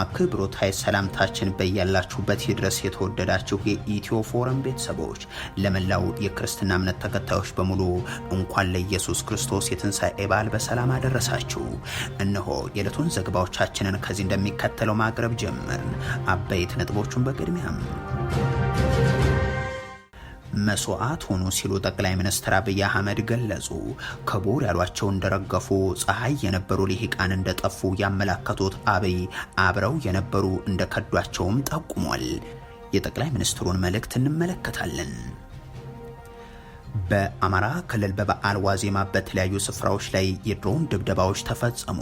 አክብሮታይ ሰላምታችን በያላችሁበት ይድረስ። የተወደዳችሁ የኢትዮ ፎረም ቤተሰቦች፣ ለመላው የክርስትና እምነት ተከታዮች በሙሉ እንኳን ለኢየሱስ ክርስቶስ የትንሣኤ በዓል በሰላም አደረሳችሁ። እነሆ የዕለቱን ዘገባዎቻችንን ከዚህ እንደሚከተለው ማቅረብ ጀመርን። አበይት ነጥቦቹን በቅድሚያም መስዋዕት ሆኑ ሲሉ ጠቅላይ ሚኒስትር አብይ አህመድ ገለጹ። ክቡር ያሏቸው እንደረገፉ ፀሐይ የነበሩ ልሂቃን እንደጠፉ ያመላከቱት አብይ አብረው የነበሩ እንደከዷቸውም ጠቁሟል። የጠቅላይ ሚኒስትሩን መልእክት እንመለከታለን። በአማራ ክልል በበዓል ዋዜማ በተለያዩ ስፍራዎች ላይ የድሮን ድብደባዎች ተፈጸሙ።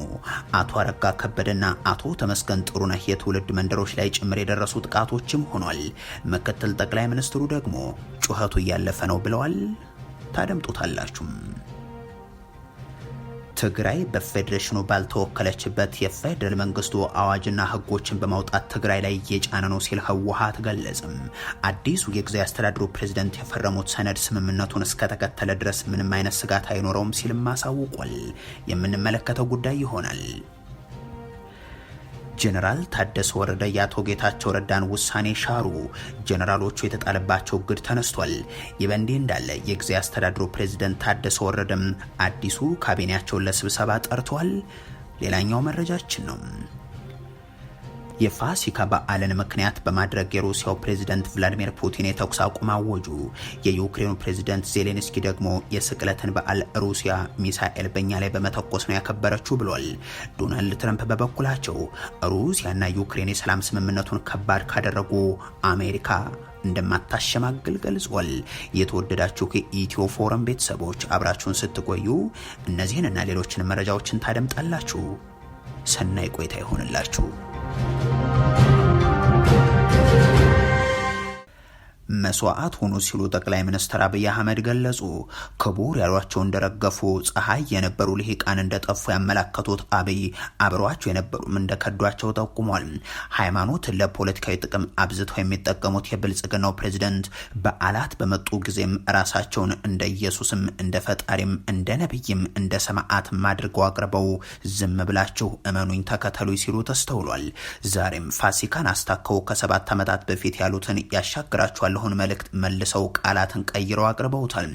አቶ አረጋ ከበደና አቶ ተመስገን ጥሩነህ የትውልድ መንደሮች ላይ ጭምር የደረሱ ጥቃቶችም ሆኗል። ምክትል ጠቅላይ ሚኒስትሩ ደግሞ ጩኸቱ እያለፈ ነው ብለዋል። ታደምጡታላችሁም። ትግራይ በፌዴሬሽኑ ባልተወከለችበት የፌዴራል መንግስቱ አዋጅና ህጎችን በማውጣት ትግራይ ላይ እየጫነ ነው ሲል ህወሓት ገለጽም። አዲሱ የጊዜ አስተዳድሩ ፕሬዚደንት የፈረሙት ሰነድ ስምምነቱን እስከተከተለ ድረስ ምንም አይነት ስጋት አይኖረውም ሲልም አሳውቋል። የምንመለከተው ጉዳይ ይሆናል። ጀነራል ታደሰ ወረደ የአቶ ጌታቸው ረዳን ውሳኔ ሻሩ። ጀነራሎቹ የተጣለባቸው እግድ ተነስቷል። ይህ በእንዲህ እንዳለ የጊዜያዊ አስተዳድሩ ፕሬዝደንት ታደሰ ወረደም አዲሱ ካቢኔያቸውን ለስብሰባ ጠርተዋል። ሌላኛው መረጃችን ነው። የፋሲካ በዓልን ምክንያት በማድረግ የሩሲያው ፕሬዝደንት ቭላዲሚር ፑቲን የተኩስ አቁም አወጁ። የዩክሬኑ ፕሬዝደንት ዜሌንስኪ ደግሞ የስቅለትን በዓል ሩሲያ ሚሳኤል በኛ ላይ በመተኮስ ነው ያከበረችው ብሏል። ዶናልድ ትረምፕ በበኩላቸው ሩሲያና ዩክሬን የሰላም ስምምነቱን ከባድ ካደረጉ አሜሪካ እንደማታሸማግል ገልጿል። የተወደዳችሁ ከኢትዮ ፎረም ቤተሰቦች አብራችሁን ስትቆዩ እነዚህንና ሌሎችን መረጃዎችን ታደምጣላችሁ። ሰናይ ቆይታ ይሆንላችሁ። Thank you. መስዋዕት ሆኑ ሲሉ ጠቅላይ ሚኒስትር አብይ አህመድ ገለጹ። ክቡር ያሏቸው እንደረገፉ ፀሐይ የነበሩ ልሂቃን እንደጠፉ ያመላከቱት አብይ አብረዋቸው የነበሩም እንደከዷቸው ጠቁሟል። ሃይማኖት ለፖለቲካዊ ጥቅም አብዝተው የሚጠቀሙት የብልጽግናው ፕሬዚደንት በዓላት በመጡ ጊዜም ራሳቸውን እንደ ኢየሱስም እንደ ፈጣሪም እንደ ነቢይም እንደ ሰማዕትም አድርገው አቅርበው ዝም ብላችሁ እመኑኝ ተከተሉ ሲሉ ተስተውሏል። ዛሬም ፋሲካን አስታከው ከሰባት ዓመታት በፊት ያሉትን ያሻግራቸዋል ያለውን መልእክት መልሰው ቃላትን ቀይረው አቅርበውታል።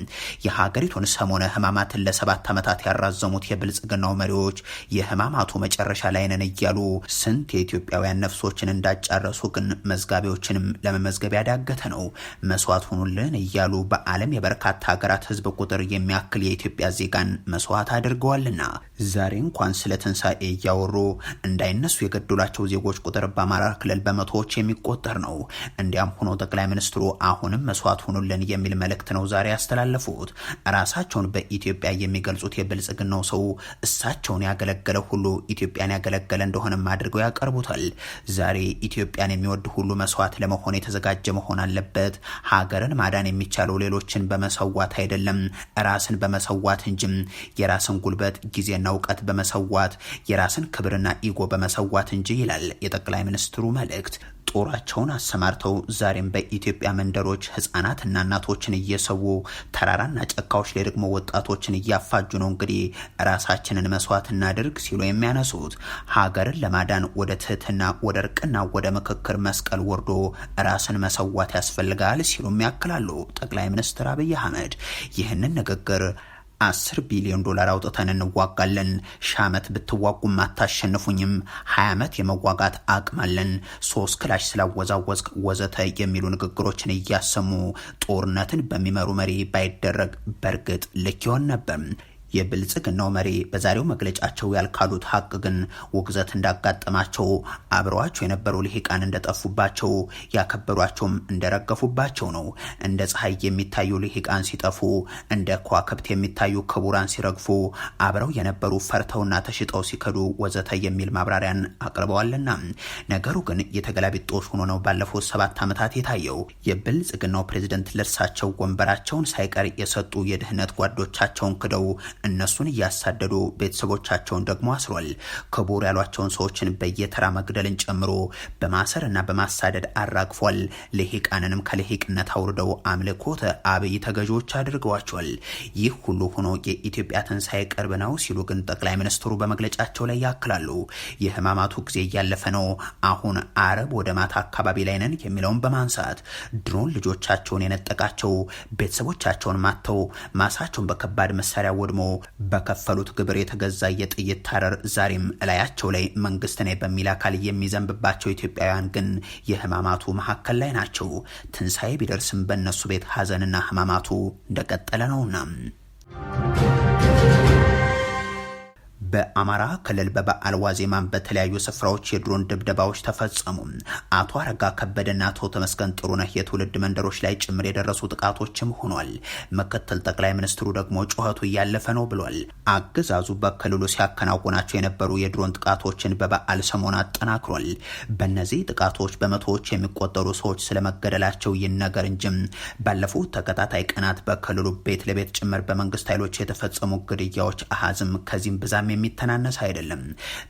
የሀገሪቱን ሰሞነ ህማማትን ለሰባት ዓመታት ያራዘሙት የብልጽግናው መሪዎች የህማማቱ መጨረሻ ላይ ነን እያሉ ስንት የኢትዮጵያውያን ነፍሶችን እንዳጫረሱ ግን መዝጋቢዎችንም ለመመዝገብ ያዳገተ ነው። መስዋዕት ሁኑልን እያሉ በዓለም የበርካታ ሀገራት ህዝብ ቁጥር የሚያክል የኢትዮጵያ ዜጋን መስዋዕት አድርገዋልና ዛሬ እንኳን ስለ ትንሣኤ እያወሩ እንዳይነሱ የገደሏቸው ዜጎች ቁጥር በአማራ ክልል በመቶዎች የሚቆጠር ነው። እንዲያም ሆኖ ጠቅላይ ሚኒስትሩ አሁንም መስዋዕት ሁኑልን የሚል መልእክት ነው ዛሬ ያስተላለፉት። ራሳቸውን በኢትዮጵያ የሚገልጹት የብልጽግናው ሰው እሳቸውን ያገለገለ ሁሉ ኢትዮጵያን ያገለገለ እንደሆነም አድርገው ያቀርቡታል። ዛሬ ኢትዮጵያን የሚወድ ሁሉ መስዋዕት ለመሆን የተዘጋጀ መሆን አለበት። ሀገርን ማዳን የሚቻለው ሌሎችን በመሰዋት አይደለም፣ ራስን በመሰዋት እንጂ የራስን ጉልበት ጊዜና እውቀት በመሰዋት የራስን ክብርና ኢጎ በመሰዋት እንጂ ይላል የጠቅላይ ሚኒስትሩ መልእክት። ጦራቸውን አሰማርተው ዛሬም በኢትዮጵያ መንደሮች ህጻናትና እናቶችን እየሰዉ ተራራና ጫካዎች ላይ ደግሞ ወጣቶችን እያፋጁ ነው። እንግዲህ ራሳችንን መስዋዕት እናድርግ ሲሉ የሚያነሱት ሀገርን ለማዳን ወደ ትህትና፣ ወደ እርቅና ወደ ምክክር መስቀል ወርዶ ራስን መሰዋት ያስፈልጋል ሲሉም ያክላሉ ጠቅላይ ሚኒስትር አብይ አህመድ ይህንን ንግግር አስር ቢሊዮን ዶላር አውጥተን እንዋጋለን። ሺህ ዓመት ብትዋጉም አታሸንፉኝም። ሀያ ዓመት የመዋጋት አቅም አለን። ሶስት ክላሽ ስላወዛወዝ ወዘተ የሚሉ ንግግሮችን እያሰሙ ጦርነትን በሚመሩ መሪ ባይደረግ በእርግጥ ልክ ይሆን ነበር። የብልጽግናው መሪ በዛሬው መግለጫቸው ያልካሉት ሀቅ ግን ውግዘት እንዳጋጠማቸው አብረዋቸው የነበሩ ልሂቃን እንደጠፉባቸው ያከበሯቸውም እንደረገፉባቸው ነው። እንደ ፀሐይ የሚታዩ ልሂቃን ሲጠፉ፣ እንደ ከዋክብት የሚታዩ ክቡራን ሲረግፉ፣ አብረው የነበሩ ፈርተውና ተሽጠው ሲከዱ ወዘተ የሚል ማብራሪያን አቅርበዋልና ነገሩ ግን የተገላቢጦሽ ሆኖ ነው ባለፉት ሰባት ዓመታት የታየው። የብልጽግናው ፕሬዝደንት ለእርሳቸው ወንበራቸውን ሳይቀር የሰጡ የድህነት ጓዶቻቸውን ክደው እነሱን እያሳደዱ ቤተሰቦቻቸውን ደግሞ አስሯል። ክቡር ያሏቸውን ሰዎችን በየተራ መግደልን ጨምሮ በማሰርና በማሳደድ አራግፏል። ልሂቃንንም ከልሂቅነት አውርደው አምልኮተ አብይ ተገዢዎች አድርገዋቸዋል። ይህ ሁሉ ሆኖ የኢትዮጵያ ትንሣኤ ቅርብ ነው ሲሉ ግን ጠቅላይ ሚኒስትሩ በመግለጫቸው ላይ ያክላሉ። የህማማቱ ጊዜ እያለፈ ነው፣ አሁን አረብ ወደ ማታ አካባቢ ላይ ነን የሚለውን በማንሳት ድሮን ልጆቻቸውን የነጠቃቸው ቤተሰቦቻቸውን ማተው ማሳቸውን በከባድ መሳሪያ ወድሞ በከፈሉት ግብር የተገዛ የጥይት ታረር ዛሬም እላያቸው ላይ መንግስት ነኝ በሚል አካል የሚዘንብባቸው ኢትዮጵያውያን ግን የህማማቱ መካከል ላይ ናቸው። ትንሣኤ ቢደርስም በእነሱ ቤት ሀዘንና ህማማቱ እንደቀጠለ ነውና በአማራ ክልል በበዓል ዋዜማን በተለያዩ ስፍራዎች የድሮን ድብደባዎች ተፈጸሙ። አቶ አረጋ ከበደና አቶ ተመስገን ጥሩነህ የትውልድ መንደሮች ላይ ጭምር የደረሱ ጥቃቶችም ሆኗል። ምክትል ጠቅላይ ሚኒስትሩ ደግሞ ጩኸቱ እያለፈ ነው ብሏል። አገዛዙ በክልሉ ሲያከናውናቸው የነበሩ የድሮን ጥቃቶችን በበዓል ሰሞን አጠናክሯል። በእነዚህ ጥቃቶች በመቶዎች የሚቆጠሩ ሰዎች ስለመገደላቸው ይነገር እንጂም ባለፉት ተከታታይ ቀናት በክልሉ ቤት ለቤት ጭምር በመንግስት ኃይሎች የተፈጸሙ ግድያዎች አሃዝም ከዚህም ብዛም የሚተናነስ አይደለም።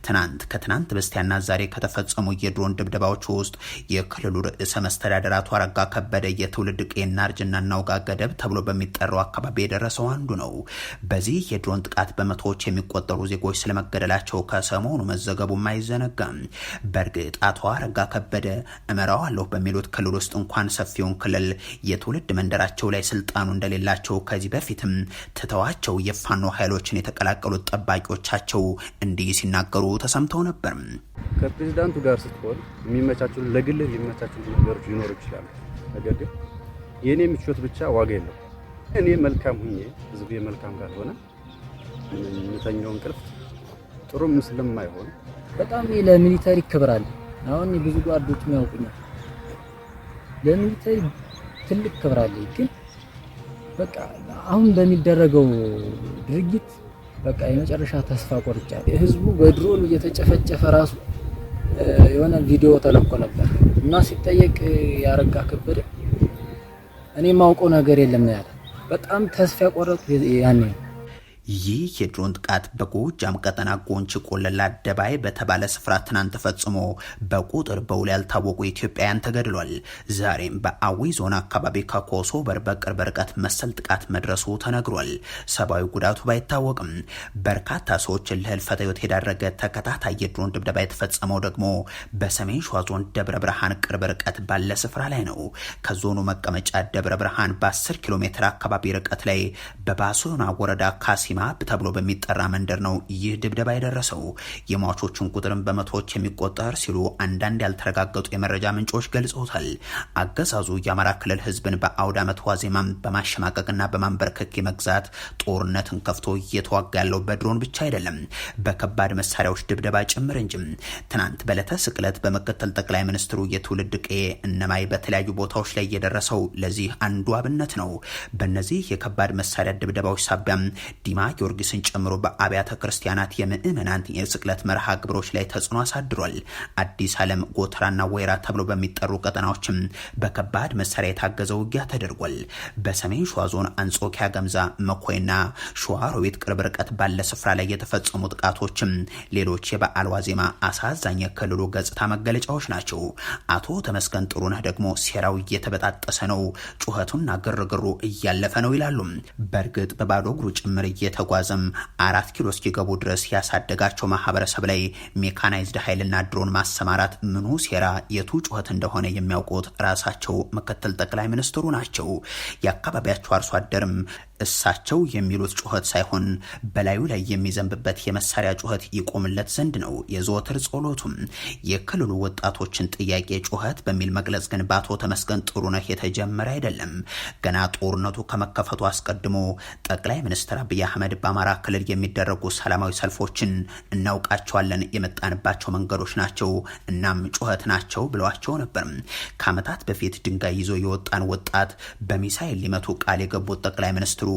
ትናንት ከትናንት በስቲያና ዛሬ ከተፈጸሙ የድሮን ድብደባዎች ውስጥ የክልሉ ርዕሰ መስተዳደር አቶ አረጋ ከበደ የትውልድ ቄና እርጅና እናውጋ ገደብ ተብሎ በሚጠራው አካባቢ የደረሰው አንዱ ነው። በዚህ የድሮን ጥቃት በመቶዎች የሚቆጠሩ ዜጎች ስለመገደላቸው ከሰሞኑ መዘገቡም አይዘነጋም። በእርግጥ አቶ አረጋ ከበደ አለሁ በሚሉት ክልል ውስጥ እንኳን ሰፊውን ክልል የትውልድ መንደራቸው ላይ ስልጣኑ እንደሌላቸው ከዚህ በፊትም ትተዋቸው የፋኖ ኃይሎችን የተቀላቀሉት ጠባቂዎቻቸው በመሄዳቸው እንዲህ ሲናገሩ ተሰምተው ነበር። ከፕሬዚዳንቱ ጋር ስትሆን የሚመቻቸው ለግል የሚመቻቸው ነገሮች ሊኖሩ ይችላሉ። ነገር ግን የእኔ ምቾት ብቻ ዋጋ የለው። እኔ መልካም ሁኜ ህዝቡ መልካም ካልሆነ የምተኛው እንቅልፍ ምስልም አይሆን። በጣም ለሚሊተሪ ክብር አለ። አሁን ብዙ ጓዶች ያውቁኛል። ለሚሊተሪ ትልቅ ክብር አለ። ግን በቃ አሁን በሚደረገው ድርጊት በቃ የመጨረሻ ተስፋ ቆርጫለሁ። ህዝቡ በድሮን እየተጨፈጨፈ ራሱ የሆነ ቪዲዮ ተለቆ ነበር እና ሲጠየቅ ያረጋ ከበደ እኔ የማውቀው ነገር የለም ያለ። በጣም ተስፋ ያቆረጡ ያኔ ነው ይህ የድሮን ጥቃት በጎጃም ቀጠና ጎንች ቆለላ አደባይ በተባለ ስፍራ ትናንት ተፈጽሞ በቁጥር በውል ያልታወቁ ኢትዮጵያውያን ተገድሏል። ዛሬም በአዊ ዞን አካባቢ ከኮሶበር በቅርብ ርቀት መሰል ጥቃት መድረሱ ተነግሯል። ሰብአዊ ጉዳቱ ባይታወቅም በርካታ ሰዎችን ለህልፈተ ህይወት የዳረገ ተከታታይ የድሮን ድብደባ የተፈጸመው ደግሞ በሰሜን ሸዋ ዞን ደብረ ብርሃን ቅርብ ርቀት ባለ ስፍራ ላይ ነው። ከዞኑ መቀመጫ ደብረ ብርሃን በ10 ኪሎ ሜትር አካባቢ ርቀት ላይ በባሶና ወረዳ ካሲ ሲማ ተብሎ በሚጠራ መንደር ነው ይህ ድብደባ የደረሰው። የሟቾቹን ቁጥርን በመቶዎች የሚቆጠር ሲሉ አንዳንድ ያልተረጋገጡ የመረጃ ምንጮች ገልጸውታል። አገዛዙ የአማራ ክልል ህዝብን በአውደ ዓመት ዋዜማም በማሸማቀቅና በማንበርከክ የመግዛት ጦርነትን ከፍቶ እየተዋጋ ያለው በድሮን ብቻ አይደለም፣ በከባድ መሳሪያዎች ድብደባ ጭምር እንጂ። ትናንት በዕለተ ስቅለት በምክትል ጠቅላይ ሚኒስትሩ የትውልድ ቀዬ እነማይ በተለያዩ ቦታዎች ላይ የደረሰው ለዚህ አንዱ አብነት ነው። በእነዚህ የከባድ መሳሪያ ድብደባዎች ሳቢያም ዲማ ጊዮርጊስን ጨምሮ በአብያተ ክርስቲያናት የምእመናን የስቅለት መርሃ ግብሮች ላይ ተጽዕኖ አሳድሯል። አዲስ ዓለም ጎተራና ወይራ ተብሎ በሚጠሩ ቀጠናዎችም በከባድ መሳሪያ የታገዘ ውጊያ ተደርጓል። በሰሜን ሸዋ ዞን አንጾኪያ ገምዛ፣ መኮይና ሸዋሮቢት ቅርብ ርቀት ባለ ስፍራ ላይ የተፈጸሙ ጥቃቶችም ሌሎች የበዓል ዋዜማ አሳዛኝ የክልሉ ገጽታ መገለጫዎች ናቸው። አቶ ተመስገን ጥሩነህ ደግሞ ሴራው እየተበጣጠሰ ነው፣ ጩኸቱና ግርግሩ እያለፈ ነው ይላሉ። በእርግጥ በባዶ እግሩ ጭምር እየተጓዘም አራት ኪሎ እስኪገቡ ድረስ ያሳደጋቸው ማህበረሰብ ላይ ሜካናይዝድ ኃይልና ድሮን ማሰማራት ምኑ ሴራ የቱ ጩኸት እንደሆነ የሚያውቁት ራሳቸው ምክትል ጠቅላይ ሚኒስትሩ ናቸው። የአካባቢያቸው አርሶ አደርም እሳቸው የሚሉት ጩኸት ሳይሆን በላዩ ላይ የሚዘንብበት የመሳሪያ ጩኸት ይቆምለት ዘንድ ነው የዘወትር ጸሎቱም። የክልሉ ወጣቶችን ጥያቄ ጩኸት በሚል መግለጽ ግን በአቶ ተመስገን ጥሩነህ የተጀመረ አይደለም። ገና ጦርነቱ ከመከፈቱ አስቀድሞ ጠቅላይ ሚኒስትር አብይ አህመድ በአማራ ክልል የሚደረጉ ሰላማዊ ሰልፎችን እናውቃቸዋለን፣ የመጣንባቸው መንገዶች ናቸው፣ እናም ጩኸት ናቸው ብለዋቸው ነበር። ከአመታት በፊት ድንጋይ ይዞ የወጣን ወጣት በሚሳይል ሊመቱ ቃል የገቡት ጠቅላይ ሚኒስትሩ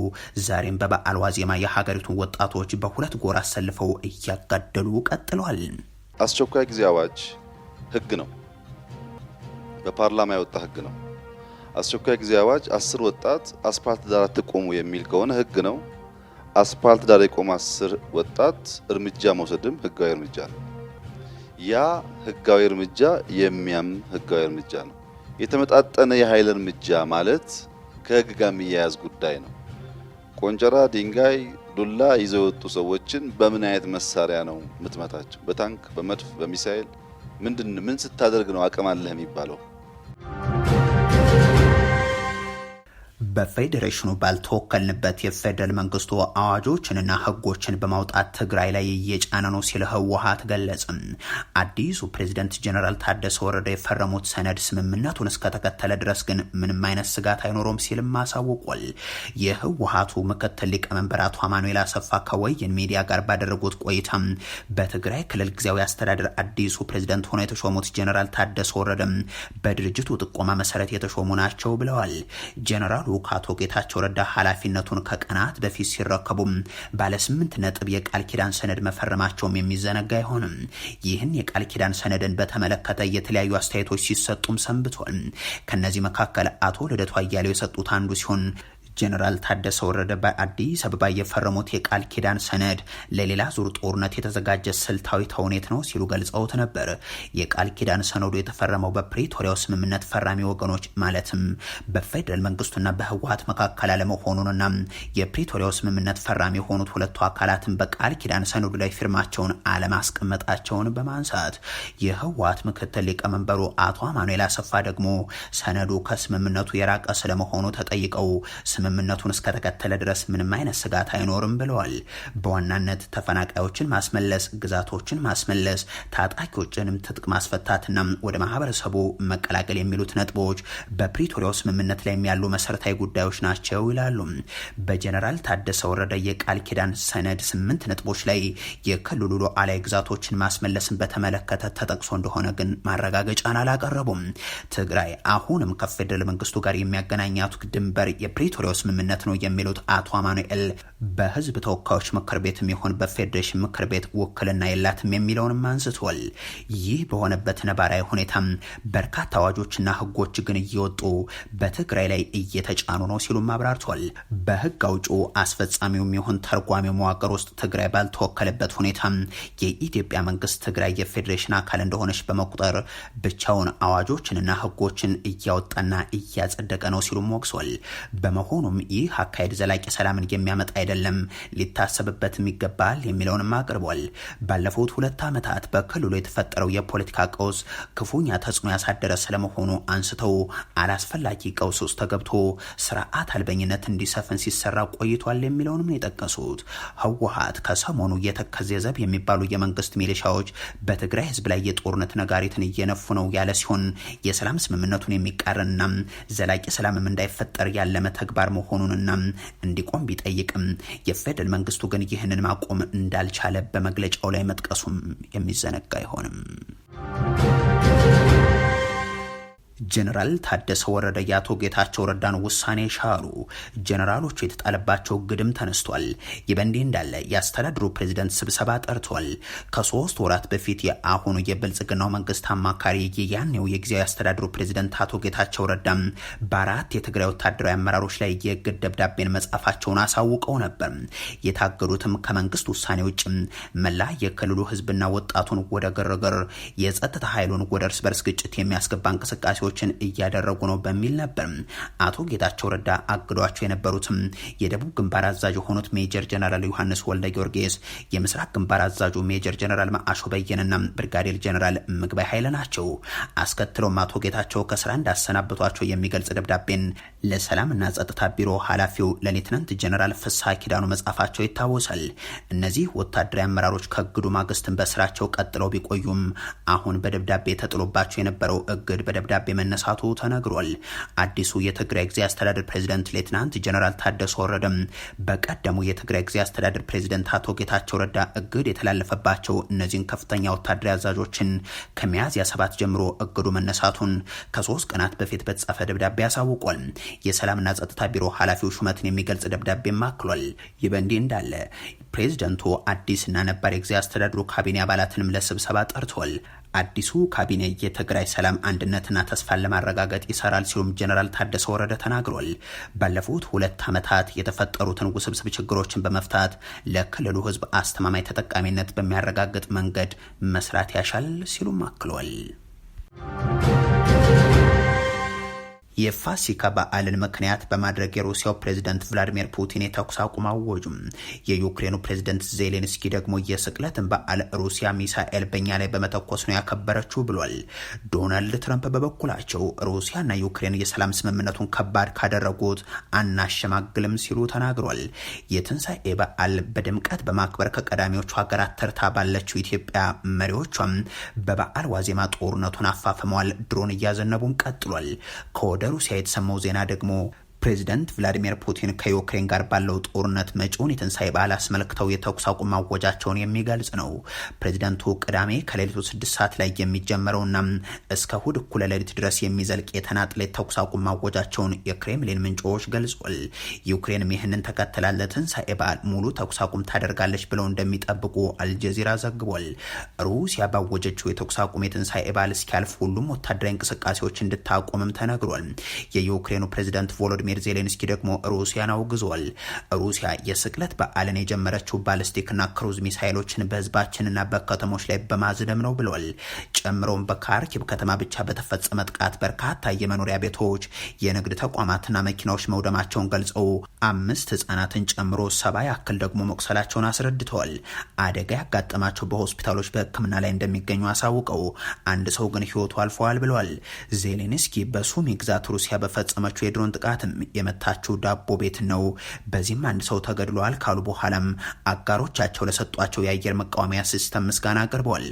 ዛሬም በበዓል ዋዜማ የሀገሪቱን ወጣቶች በሁለት ጎራ አሰልፈው እያጋደሉ ቀጥለዋል። አስቸኳይ ጊዜ አዋጅ ህግ ነው፣ በፓርላማ የወጣ ህግ ነው። አስቸኳይ ጊዜ አዋጅ አስር ወጣት አስፓልት ዳር አትቆሙ የሚል ከሆነ ህግ ነው። አስፓልት ዳር የቆመ አስር ወጣት እርምጃ መውሰድም ህጋዊ እርምጃ ነው። ያ ህጋዊ እርምጃ የሚያም ህጋዊ እርምጃ ነው። የተመጣጠነ የኃይል እርምጃ ማለት ከህግ ጋር የሚያያዝ ጉዳይ ነው። ቆንጨራ፣ ድንጋይ፣ ዱላ ይዘው የወጡ ሰዎችን በምን አይነት መሳሪያ ነው የምትመታቸው? በታንክ፣ በመድፍ፣ በሚሳኤል ምንድን ምን ስታደርግ ነው አቅም አለህ የሚባለው? በፌዴሬሽኑ ባልተወከልንበት የፌደራል መንግስቱ አዋጆችንና ህጎችን በማውጣት ትግራይ ላይ እየጫነ ነው ሲል ህወሀት ገለጽም። አዲሱ ፕሬዚደንት ጀኔራል ታደሰ ወረደ የፈረሙት ሰነድ ስምምነቱን እስከተከተለ ድረስ ግን ምንም አይነት ስጋት አይኖረውም ሲልም አሳውቋል። የህወሀቱ ምክትል ሊቀመንበር አቶ አማኑኤል አሰፋ ከወይን ሚዲያ ጋር ባደረጉት ቆይታ በትግራይ ክልል ጊዜያዊ አስተዳደር አዲሱ ፕሬዚደንት ሆነው የተሾሙት ጀኔራል ታደሰ ወረደ በድርጅቱ ጥቆማ መሰረት የተሾሙ ናቸው ብለዋል። ጀኔራሉ ከአቶ ጌታቸው ረዳ ኃላፊነቱን ከቀናት በፊት ሲረከቡም ባለስምንት ነጥብ የቃል ኪዳን ሰነድ መፈረማቸውም የሚዘነጋ አይሆንም። ይህን የቃል ኪዳን ሰነድን በተመለከተ የተለያዩ አስተያየቶች ሲሰጡም ሰንብቷል። ከነዚህ መካከል አቶ ልደቱ አያሌው የሰጡት አንዱ ሲሆን ጀነራል ታደሰ ወረደ በአዲስ አበባ የፈረሙት የቃል ኪዳን ሰነድ ለሌላ ዙር ጦርነት የተዘጋጀ ስልታዊ ተውኔት ነው ሲሉ ገልጸውት ነበር። የቃል ኪዳን ሰነዱ የተፈረመው በፕሪቶሪያው ስምምነት ፈራሚ ወገኖች ማለትም በፌዴራል መንግስቱና በህወሀት መካከል አለመሆኑንና የፕሪቶሪያው ስምምነት ፈራሚ የሆኑት ሁለቱ አካላትን በቃል ኪዳን ሰነዱ ላይ ፊርማቸውን አለማስቀመጣቸውን በማንሳት የህወሀት ምክትል ሊቀመንበሩ አቶ አማኑኤል አሰፋ ደግሞ ሰነዱ ከስምምነቱ የራቀ ስለመሆኑ ተጠይቀው ስምምነቱን እስከተከተለ ድረስ ምንም አይነት ስጋት አይኖርም ብለዋል። በዋናነት ተፈናቃዮችን ማስመለስ፣ ግዛቶችን ማስመለስ፣ ታጣቂዎችንም ትጥቅ ማስፈታትና ወደ ማህበረሰቡ መቀላቀል የሚሉት ነጥቦች በፕሪቶሪያው ስምምነት ላይ ያሉ መሰረታዊ ጉዳዮች ናቸው ይላሉ። በጀነራል ታደሰ ወረደ የቃል ኪዳን ሰነድ ስምንት ነጥቦች ላይ የክልሉ ሉዓላዊ ግዛቶችን ማስመለስን በተመለከተ ተጠቅሶ እንደሆነ ግን ማረጋገጫን አላቀረቡም። ትግራይ አሁንም ከፌደራል መንግስቱ ጋር የሚያገናኛት ድንበር የፕሪቶሪያው የፕሪቶሪያው ስምምነት ነው የሚሉት አቶ አማኑኤል በህዝብ ተወካዮች ምክር ቤት የሚሆን በፌዴሬሽን ምክር ቤት ውክልና የላትም የሚለውንም አንስቷል። ይህ በሆነበት ነባራዊ ሁኔታም በርካታ አዋጆችና ህጎች ግን እየወጡ በትግራይ ላይ እየተጫኑ ነው ሲሉም አብራርቷል። በህግ አውጪ አስፈጻሚውም ይሁን ተርጓሚው መዋቅር ውስጥ ትግራይ ባልተወከለበት ሁኔታ የኢትዮጵያ መንግስት ትግራይ የፌዴሬሽን አካል እንደሆነች በመቁጠር ብቻውን አዋጆችንና ህጎችን እያወጣና እያጸደቀ ነው ሲሉም ወቅሷል። በመሆኑ በመሆኑም ይህ አካሄድ ዘላቂ ሰላምን የሚያመጣ አይደለም፣ ሊታሰብበትም ይገባል የሚለውንም አቅርቧል። ባለፉት ሁለት ዓመታት በክልሉ የተፈጠረው የፖለቲካ ቀውስ ክፉኛ ተጽዕኖ ያሳደረ ስለመሆኑ አንስተው አላስፈላጊ ቀውስ ውስጥ ተገብቶ ስርዓት አልበኝነት እንዲሰፍን ሲሰራ ቆይቷል የሚለውንም የጠቀሱት ህወሀት ከሰሞኑ የተከዜ ዘብ የሚባሉ የመንግስት ሚሊሻዎች በትግራይ ህዝብ ላይ የጦርነት ነጋሪትን እየነፉ ነው ያለ ሲሆን የሰላም ስምምነቱን የሚቃረንና ዘላቂ ሰላምም እንዳይፈጠር ያለመ ተግባር መሆኑንና እንዲቆም ቢጠይቅም የፌደራል መንግስቱ ግን ይህንን ማቆም እንዳልቻለ በመግለጫው ላይ መጥቀሱም የሚዘነጋ አይሆንም። ጀነራል ታደሰ ወረደ የአቶ ጌታቸው ረዳን ውሳኔ ሻሩ። ጀነራሎቹ የተጣለባቸው ግድም ተነስቷል። ይህ በእንዲህ እንዳለ የአስተዳድሩ ፕሬዚደንት ስብሰባ ጠርቷል። ከሶስት ወራት በፊት የአሁኑ የብልጽግናው መንግስት አማካሪ የያኔው የጊዜያዊ አስተዳድሩ ፕሬዚደንት አቶ ጌታቸው ረዳም በአራት የትግራይ ወታደራዊ አመራሮች ላይ የእግድ ደብዳቤን መጻፋቸውን አሳውቀው ነበር። የታገዱትም ከመንግስት ውሳኔ ውጭ መላ የክልሉ ህዝብና ወጣቱን ወደ ግርግር፣ የጸጥታ ኃይሉን ወደ እርስ በርስ ግጭት የሚያስገባ እንቅስቃሴ እንቅስቃሴዎችን እያደረጉ ነው በሚል ነበር አቶ ጌታቸው ረዳ አግዷቸው የነበሩትም። የደቡብ ግንባር አዛዥ የሆኑት ሜጀር ጀነራል ዮሐንስ ወልደ ጊዮርጊስ፣ የምስራቅ ግንባር አዛዡ ሜጀር ጀነራል ማአሾ በየንና ብርጋዴር ጀነራል ምግባይ ኃይለ ናቸው። አስከትለውም አቶ ጌታቸው ከስራ እንዳሰናበቷቸው የሚገልጽ ደብዳቤን ለሰላምና ጸጥታ ቢሮ ኃላፊው ለሌትናንት ጀነራል ፍስሐ ኪዳኑ መጻፋቸው ይታወሳል። እነዚህ ወታደራዊ አመራሮች ከእግዱ ማግስትን በስራቸው ቀጥለው ቢቆዩም አሁን በደብዳቤ ተጥሎባቸው የነበረው እግድ በደብዳቤ መነሳቱ ተነግሯል። አዲሱ የትግራይ ጊዜ አስተዳደር ፕሬዚደንት ሌትናንት ጀነራል ታደሰ ወረደም በቀደሙ የትግራይ ጊዜ አስተዳደር ፕሬዚደንት አቶ ጌታቸው ረዳ እግድ የተላለፈባቸው እነዚህን ከፍተኛ ወታደራዊ አዛዦችን ከሚያዝያ ሰባት ጀምሮ እግዱ መነሳቱን ከሶስት ቀናት በፊት በተጻፈ ደብዳቤ አሳውቋል። የሰላምና ጸጥታ ቢሮ ኃላፊው ሹመትን የሚገልጽ ደብዳቤም አክሏል። ይህ በእንዲህ እንዳለ ፕሬዚደንቱ አዲስና ነባር የጊዜ አስተዳድሩ ካቢኔ አባላትንም ለስብሰባ ጠርቷል። አዲሱ ካቢኔ የትግራይ ሰላም አንድነትና ተስፋን ለማረጋገጥ ይሰራል ሲሉም ጀኔራል ታደሰ ወረደ ተናግሯል። ባለፉት ሁለት ዓመታት የተፈጠሩትን ውስብስብ ችግሮችን በመፍታት ለክልሉ ሕዝብ አስተማማኝ ተጠቃሚነት በሚያረጋግጥ መንገድ መስራት ያሻል ሲሉም አክሏል። የፋሲካ በዓልን ምክንያት በማድረግ የሩሲያው ፕሬዝደንት ቭላዲሚር ፑቲን የተኩስ አቁም አወጁም። የዩክሬኑ ፕሬዝደንት ዜሌንስኪ ደግሞ የስቅለትን በዓል ሩሲያ ሚሳኤል በኛ ላይ በመተኮስ ነው ያከበረችው ብሏል። ዶናልድ ትራምፕ በበኩላቸው ሩሲያና ዩክሬን የሰላም ስምምነቱን ከባድ ካደረጉት አናሸማግልም ሲሉ ተናግሯል። የትንሣኤ በዓል በድምቀት በማክበር ከቀዳሚዎቹ ሀገራት ተርታ ባለችው ኢትዮጵያ መሪዎቿም በበዓል ዋዜማ ጦርነቱን አፋፍመዋል። ድሮን እያዘነቡም ቀጥሏል ከወደ ማደሩ ሲያ የተሰማው ዜና ደግሞ ፕሬዚደንት ቭላዲሚር ፑቲን ከዩክሬን ጋር ባለው ጦርነት መጪውን የትንሣኤ በዓል አስመልክተው የተኩስ አቁም ማወጃቸውን የሚገልጽ ነው። ፕሬዚደንቱ ቅዳሜ ከሌሊቱ ስድስት ሰዓት ላይ የሚጀመረውና እስከ እሁድ እኩለ ሌሊት ድረስ የሚዘልቅ የተናጠለ የተኩስ አቁም ማወጃቸውን የክሬምሊን ምንጮች ገልጿል። ዩክሬንም ይህንን ተከትላለ ለትንሣኤ በዓል ሙሉ ተኩስ አቁም ታደርጋለች ብለው እንደሚጠብቁ አልጀዚራ ዘግቧል። ሩሲያ ባወጀችው የተኩስ አቁም የትንሣኤ በዓል እስኪያልፍ ሁሉም ወታደራዊ እንቅስቃሴዎች እንድታቆምም ተነግሯል። የዩክሬኑ ፕሬዚደንት ቮሎዲሚር ቮሎዲሚር ዜሌንስኪ ደግሞ ሩሲያን አውግዟል። ሩሲያ የስቅለት በዓልን የጀመረችው ባልስቲክና ክሩዝ ሚሳይሎችን በህዝባችንና በከተሞች ላይ በማዝደም ነው ብሏል። ጨምሮም በካርኪብ ከተማ ብቻ በተፈጸመ ጥቃት በርካታ የመኖሪያ ቤቶች፣ የንግድ ተቋማትና መኪናዎች መውደማቸውን ገልጸው አምስት ህጻናትን ጨምሮ ሰባ ያክል ደግሞ መቁሰላቸውን አስረድተዋል። አደጋ ያጋጠማቸው በሆስፒታሎች በህክምና ላይ እንደሚገኙ አሳውቀው አንድ ሰው ግን ህይወቱ አልፈዋል ብለዋል። ዜሌንስኪ በሱሚ ግዛት ሩሲያ በፈጸመችው የድሮን ጥቃትም የመታችው ዳቦ ቤት ነው። በዚህም አንድ ሰው ተገድሏል ካሉ በኋላም አጋሮቻቸው ለሰጧቸው የአየር መቃወሚያ ሲስተም ምስጋና አቅርበዋል።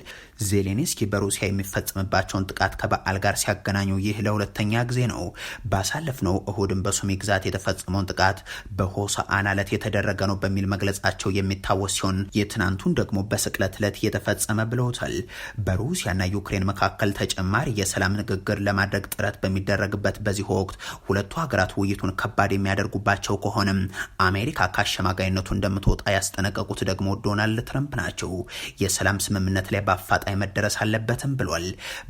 ዜሌንስኪ በሩሲያ የሚፈጸምባቸውን ጥቃት ከበዓል ጋር ሲያገናኙ ይህ ለሁለተኛ ጊዜ ነው። ባሳለፍነው እሁድም በሱሚ ግዛት የተፈጸመውን ጥቃት በሆሳዕና ዕለት የተደረገ ነው በሚል መግለጻቸው የሚታወስ ሲሆን የትናንቱን ደግሞ በስቅለት ዕለት የተፈጸመ ብለውታል። በሩሲያና ዩክሬን መካከል ተጨማሪ የሰላም ንግግር ለማድረግ ጥረት በሚደረግበት በዚህ ወቅት ሁለቱ ሀገራት ውይ ውይይቱን ከባድ የሚያደርጉባቸው ከሆነም አሜሪካ ከአሸማጋይነቱ እንደምትወጣ ያስጠነቀቁት ደግሞ ዶናልድ ትረምፕ ናቸው። የሰላም ስምምነት ላይ በአፋጣኝ መደረስ አለበትም ብሏል።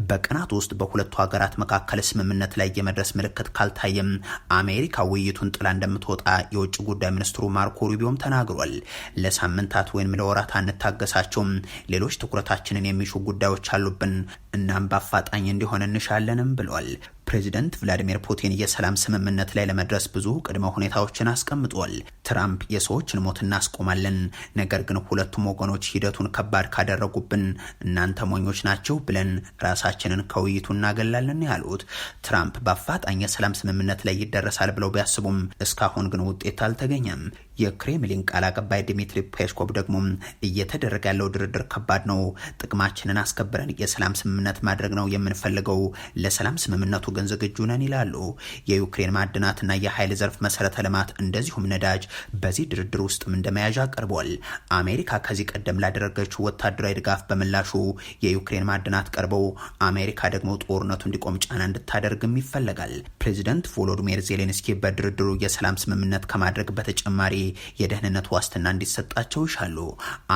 በቀናት ውስጥ በሁለቱ ሀገራት መካከል ስምምነት ላይ የመድረስ ምልክት ካልታየም አሜሪካ ውይይቱን ጥላ እንደምትወጣ የውጭ ጉዳይ ሚኒስትሩ ማርኮ ሩቢዮም ተናግሯል። ለሳምንታት ወይም ለወራት አንታገሳቸውም፣ ሌሎች ትኩረታችንን የሚሹ ጉዳዮች አሉብን፣ እናም በአፋጣኝ እንዲሆን እንሻለንም ብሏል። ፕሬዚደንት ቭላዲሚር ፑቲን የሰላም ስምምነት ላይ ለመድረስ ብዙ ቅድመ ሁኔታዎችን አስቀምጧል። ትራምፕ የሰዎችን ሞት እናስቆማለን፣ ነገር ግን ሁለቱም ወገኖች ሂደቱን ከባድ ካደረጉብን እናንተ ሞኞች ናቸው ብለን ራሳችንን ከውይይቱ እናገላለን ያሉት ትራምፕ በአፋጣኝ የሰላም ስምምነት ላይ ይደረሳል ብለው ቢያስቡም እስካሁን ግን ውጤት አልተገኘም። የክሬምሊን ቃል አቀባይ ድሚትሪ ፔስኮቭ ደግሞ እየተደረገ ያለው ድርድር ከባድ ነው፣ ጥቅማችንን አስከብረን የሰላም ስምምነት ማድረግ ነው የምንፈልገው፣ ለሰላም ስምምነቱ ግን ዝግጁ ነን ይላሉ። የዩክሬን ማዕድናትና የኃይል ዘርፍ መሰረተ ልማት እንደዚሁም ነዳጅ በዚህ ድርድር ውስጥም እንደመያዣ ቀርቧል። አሜሪካ ከዚህ ቀደም ላደረገችው ወታደራዊ ድጋፍ በምላሹ የዩክሬን ማዕድናት ቀርበው አሜሪካ ደግሞ ጦርነቱ እንዲቆም ጫና እንድታደርግም ይፈለጋል። ፕሬዚደንት ቮሎዲሚር ዜሌንስኪ በድርድሩ የሰላም ስምምነት ከማድረግ በተጨማሪ የደህንነት ዋስትና እንዲሰጣቸው ይሻሉ።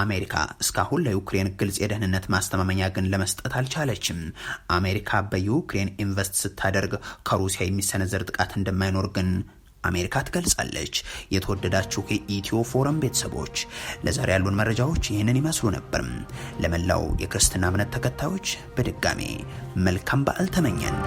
አሜሪካ እስካሁን ለዩክሬን ግልጽ የደህንነት ማስተማመኛ ግን ለመስጠት አልቻለችም። አሜሪካ በዩክሬን ኢንቨስት ስታደርግ ከሩሲያ የሚሰነዘር ጥቃት እንደማይኖር ግን አሜሪካ ትገልጻለች። የተወደዳችሁ የኢትዮ ፎረም ቤተሰቦች ለዛሬ ያሉን መረጃዎች ይህንን ይመስሉ ነበር። ለመላው የክርስትና እምነት ተከታዮች በድጋሜ መልካም በዓል ተመኘን።